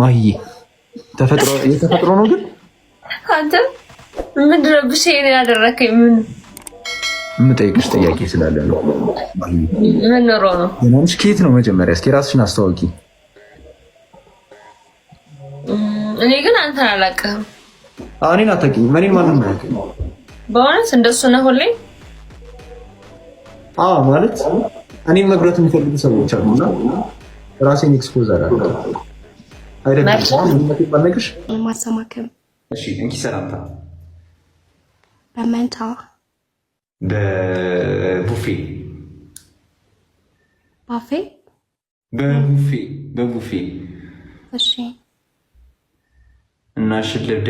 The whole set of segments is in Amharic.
ማሂ ተፈጥሮ የተፈጥሮ ነው ግን አንተ ምንድን ነው ብሼ ነው ያደረከኝ? ምን የምጠይቅሽ ጥያቄ ስላለ ነው። ምን ኖሮ ነው ምናምሽ? ከየት ነው መጀመሪያ? እስኪ ራስሽን አስተዋውቂ። እኔ ግን አንተን አላውቅህም። እኔን አታውቂኝም። እኔን ማንም አያውቅም። በእውነት እንደሱ ነው ሁሌ አዎ፣ ማለት እኔን መጉዳት የሚፈልጉ ሰዎች አሉና ራሴን ኤክስፖዝ አላውቅም ሰላምታ በመንታ በቡፌ ባፌ በቡፌ በቡፌ እሺ። እና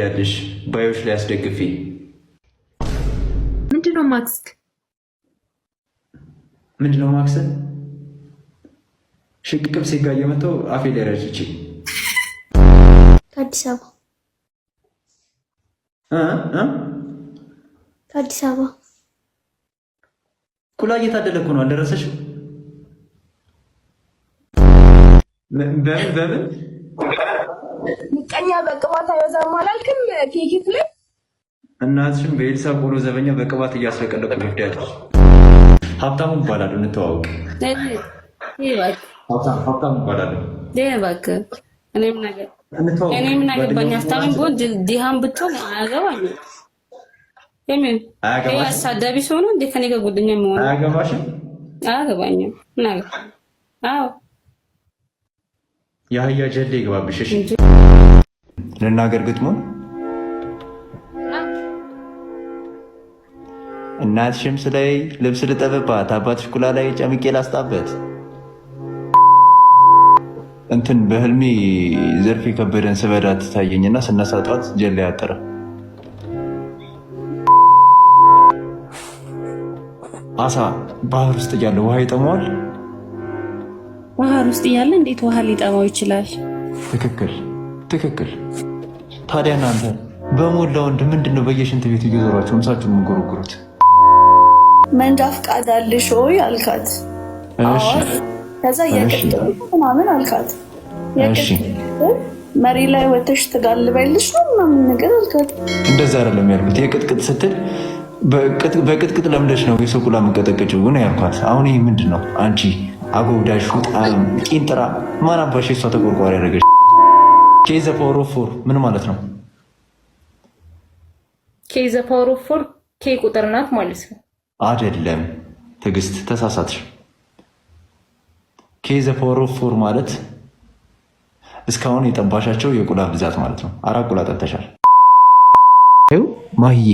ያለሽ ባዮች ላይ አስደግፌ ምንድነው ማክስክ ምንድነው ማክስ ሽቅቅም ሴጋ እየመጣው አፌ ላይ ረጭቼ ከአዲስ አበባ ከአዲስ አበባ ኩላ እየታደለ እኮ ነው። አልደረሰሽም? በምን በምን ምቀኛ በቅባት አይበዛም አላልክም? ኬኬት ላይ እናትሽም በኤልሳ ቆሎ ዘበኛ በቅባት እያስለቀለቁ ይወዳለች። ሀብታሙ እንተዋወቅ። ሀብታሙ እኔም ነገር እኔ ምን አገባኝ? ሀብታም ብሆን ድሃም ብትሆን አሳዳቢ ሰው ነው እንዴ? ከኔ ጋር ጓደኛ መሆን አያገባሽም? አያገባኝም። ምን አዎ የአህያ ጀሌ ይግባብሽ። እሺ ልናገር ግጥሙን። እናት ሽምስ ላይ ልብስ ልጠብባት፣ አባት ሽኩላ ላይ ጨምቄ ላስጣበት እንትን በህልሜ ዘርፌ ከበደን ስበዳ ትታየኝ ስነሳ ጠዋት ጀላ ያጠረ አሳ ባህር ውስጥ እያለ ውሃ ይጠመዋል። ባህር ውስጥ እያለ እንዴት ውሃ ሊጠማው ይችላል? ትክክል ትክክል። ታዲያ እናንተ በሞላ ወንድ ምንድን ነው በየሽንት ቤት እየዞሯቸው ምሳችሁ የምንጎረጉሩት? መንጃ ፈቃድ አለሽ ወይ አልካት። ከዛ የቅጥ ምናምን አልካት መሪ ላይ ወተሽ ትጋልበልሽ ነው ምናምን ነገር አልከል። እንደዛ አይደለም ያልኩት። የቅጥቅጥ ስትል በቅጥቅጥ ለምደሽ ነው የሰቁላ ቁላ መቀጠቅጭው ያልኳት። አሁን ይህ ምንድን ነው? አንቺ አጎብዳሽ ጣም ቂንጥራ ማን አባሽ የሷ ተቆርቋሪ ያደረገች ኬዘ ፓወር ኦፍ ፎር ምን ማለት ነው? ኬዘ ፓወር ኦፍ ፎር ኬ ቁጥር ናት ማለት ነው አደለም ትዕግስት ተሳሳትሽ። ኬዘ ፓወር ኦፍ ፎር ማለት እስካሁን የጠባሻቸው የቁላ ብዛት ማለት ነው። አራት ቁላ ጠጥተሻል። ማህዬ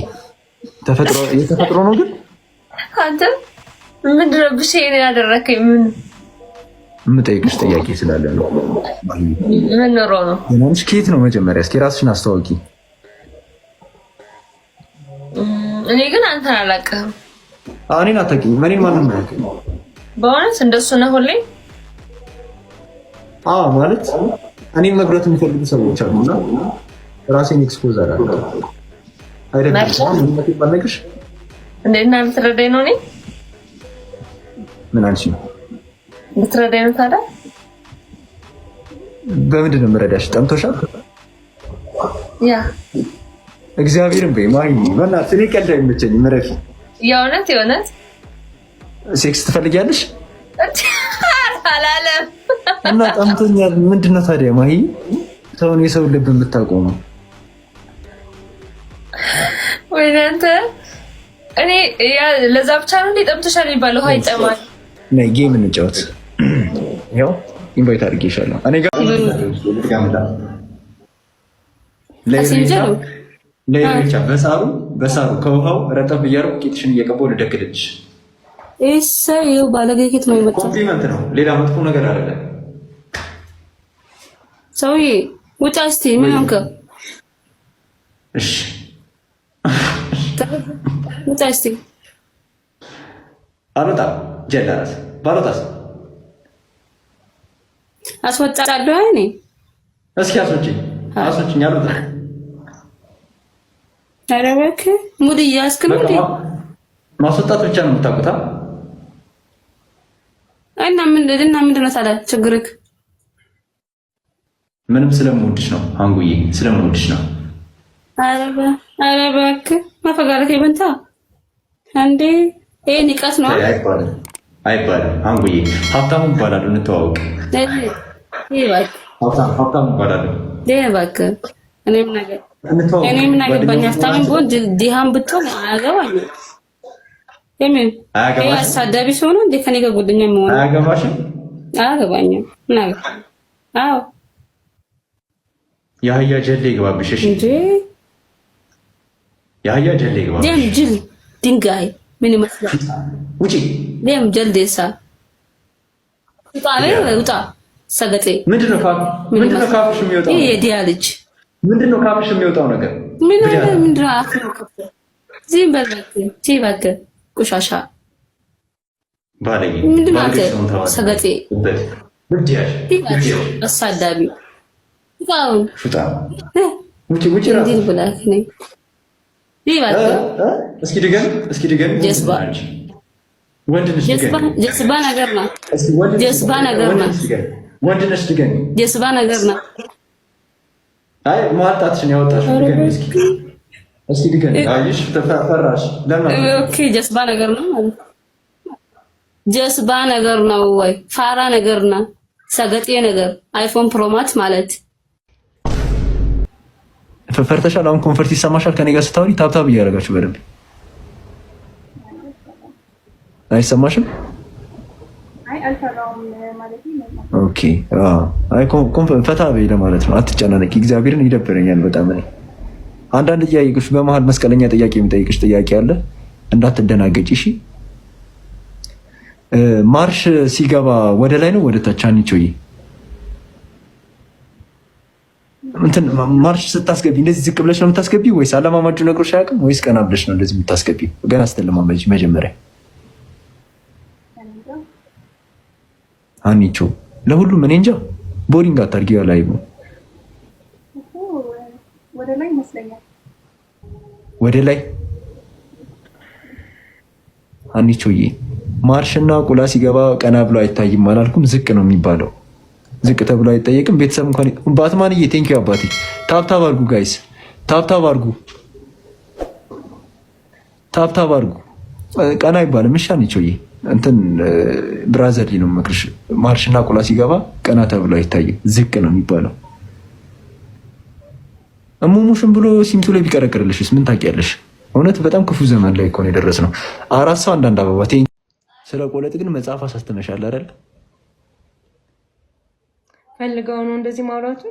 የተፈጥሮ ነው ግን አንተ ምድረብሽ ይሄን ያደረከኝ? ምን የምጠይቅሽ ጥያቄ ስላለ ነው። ምንሮ ነው ሽ ከየት ነው መጀመሪያ? እስኪ ራስሽን አስተዋውቂ። እኔ ግን አንተን አላውቅህም። እኔን አታውቂኝም። እኔን ማንም አያውቅም። በእውነት እንደሱ ነህ ሁሌ ማለት እኔም መጉዳት የሚፈልጉ ሰዎች አሉና ራሴን ኤክስፖዝ አደረገ አይደግሽ እንደና ልትረዳኝ ነው። እኔ ምን አልሽ? ልትረዳኝ ነው። ታዲያ በምንድን ነው የምረዳሽ? ጠምቶሻል? ያ እግዚአብሔርን በይ ማይ በእናትሽ እኔ ቀልድ አይመቸኝም። እረፊ። የእውነት የእውነት ሴክስ ትፈልጊያለሽ? እና ጠምቶኛል። ምንድነው ታዲያ ማሂ ሰውን የሰው ልብ የምታቆመው? ወይ እናንተ እኔ ለዛ ብቻ ነው እንዴ ጠምቶሻል የሚባለው? ውሃ ይጠማል። ነይ ጌም እንጫወት። ያው ኢንቫይት አድርጌሻለሁ እኔ ጋር በሳሩ በሳሩ ከውሃው ረጠብ እያደረኩ ቂጥሽን እየቀባሁ ልደግልልሽ። ይህ ሰው ባለጌ ኬት ነው ይመጣል። ኮምፕሊመንት ነው፣ ሌላ መጥፎ ነገር አይደለም። ሰውዬ ውጣ እስቲ ምን ሆንክ? እሺ ውጣ እስቲ። አልወጣም። ጀዳት ባልወጣስ አስወጣለሁ። እኔ እስኪ አስወጪኝ፣ አስወጪኝ። አልወጣም። ኧረ እባክህ ሙድ እያስክ ነው እንዴ? ማስወጣት ብቻ ነው የምታውቁት እና ምንድን ነው ታዲያ ችግርህ? ምንም ስለምወድሽ ነው አንጉዬ፣ ስለምወድሽ ነው። ኧረ እባክህ ማፈጋረት የበንታ አንዴ ይህ ንቀት ነው አይባልም። አንጉዬ ሀብታሙ እባላለሁ፣ እንተዋወቅ። ሀብታሙ እባላለሁ። እባክህ እኔም ምን አገባኝ? ሀብታም ብሆን ድሃም ብትሆን አያገባኝ። ለምን አሳዳቢ ሲሆኑ እንዴ ከኔ ጋር ጓደኛ የሚሆነ አያገባሽም? አያገባኝም። ምን አዎ የአህያ ጀሌ ይግባብሽ። እሺ የአህያ ጀሌ ይግባብሽ። ደም ጅል ድንጋይ ምን ይመስላል? ውጪ ደም ጀልዴሳ ውጣ ውጣ። ሰገጤ ምንድነው ካፍሽ ልጅ ምንድነው ካፍሽ የሚወጣው ነገር? ምን ምንድነው? አፍሮ ከፍ ዝም በል ባለኝ ሰገጤ አሳዳቢ ጀስባ ነገር ነው። አይ ጀስባ ነገር ነው ወይ ፋራ ነገር ነው፣ ሰገጤ ነገር አይፎን ፕሮማት ማለት ፈርተሻል። አሁን ኮንፈርት ይሰማሻል። ከኔ ጋር ስታወሪ ታብታብ እያደረጋችሁ በደንብ አይሰማሽም? ኦኬ አይ ፈታ በይ ለማለት ነው። አትጨናነቂ። እግዚአብሔርን ይደብረኛል በጣም እኔ አንዳንድ ጥያቄዎች በመሀል መስቀለኛ ጥያቄ የሚጠይቅሽ ጥያቄ አለ፣ እንዳትደናገጭ እሺ። ማርሽ ሲገባ ወደ ላይ ነው ወደ ታች አንቺ እንትን ማርሽ ስታስገቢ እንደዚህ ዝቅ ብለሽ ነው የምታስገቢ ወይስ አለማማጁ ነግሮሽ አያውቅም? ወይስ ቀና ብለሽ ነው እንደዚህ የምታስገቢ? ገና ስትለማመጂ መጀመሪያ አኒቾ ለሁሉም እኔ እንጃ። ቦሪንግ አታርጊው። ላይ ወደ ላይ አኒቾዬ፣ ማርሽና ቁላ ሲገባ ቀና ብሎ አይታይም አላልኩም? ዝቅ ነው የሚባለው ዝቅ ተብሎ አይጠየቅም። ቤተሰብ እንኳን ባትማንዬ፣ ቴንኪ አባቴ። ታብታብ አድርጉ ጋይስ፣ ታብታብ አድርጉ፣ ታብታብ አድርጉ። ቀና አይባልም። እሺ አንቺዬ፣ እንትን ብራዘር ነው የምመክርሽ። ማርሽና ቁላ ሲገባ ቀና ተብሎ አይታይም፣ ዝቅ ነው የሚባለው። እሙሙሽን ብሎ ሲምቱ ላይ ቢቀረቅርልሽስ ምን ታውቂያለሽ? እውነት በጣም ክፉ ዘመን ላይ እኮ ነው የደረስነው። አራት ሰው አንዳንድ አበባ። ስለ ቆለጥ ግን መጽሐፍ አሳስተመሻል አይደል? ፈልገው ነው እንደዚህ ማውራቱ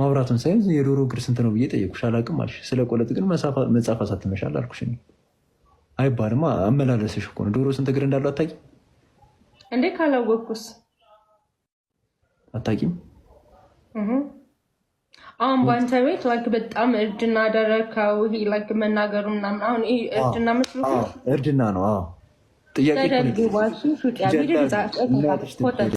ማውራቱን ሳይሆን የዶሮ እግር ስንት ነው ብዬ ጠየቅኩሽ፣ አላቅም አልሽ። ስለ ቆለጥ ግን መጽሐፍ አሳትመሻል አልኩሽ። አይባልማ አመላለስሽ እኮ ነው። ዶሮ ስንት እግር እንዳለው አታውቂም እንዴ? ካላወቅኩስ አታውቂም። አሁን በአንተ ቤት ላይክ በጣም እርድና አደረከው። ይሄ ላይክ መናገሩ ምናምን አሁን ይሄ እርድና መስሎ እርድና ነው ጥያቄ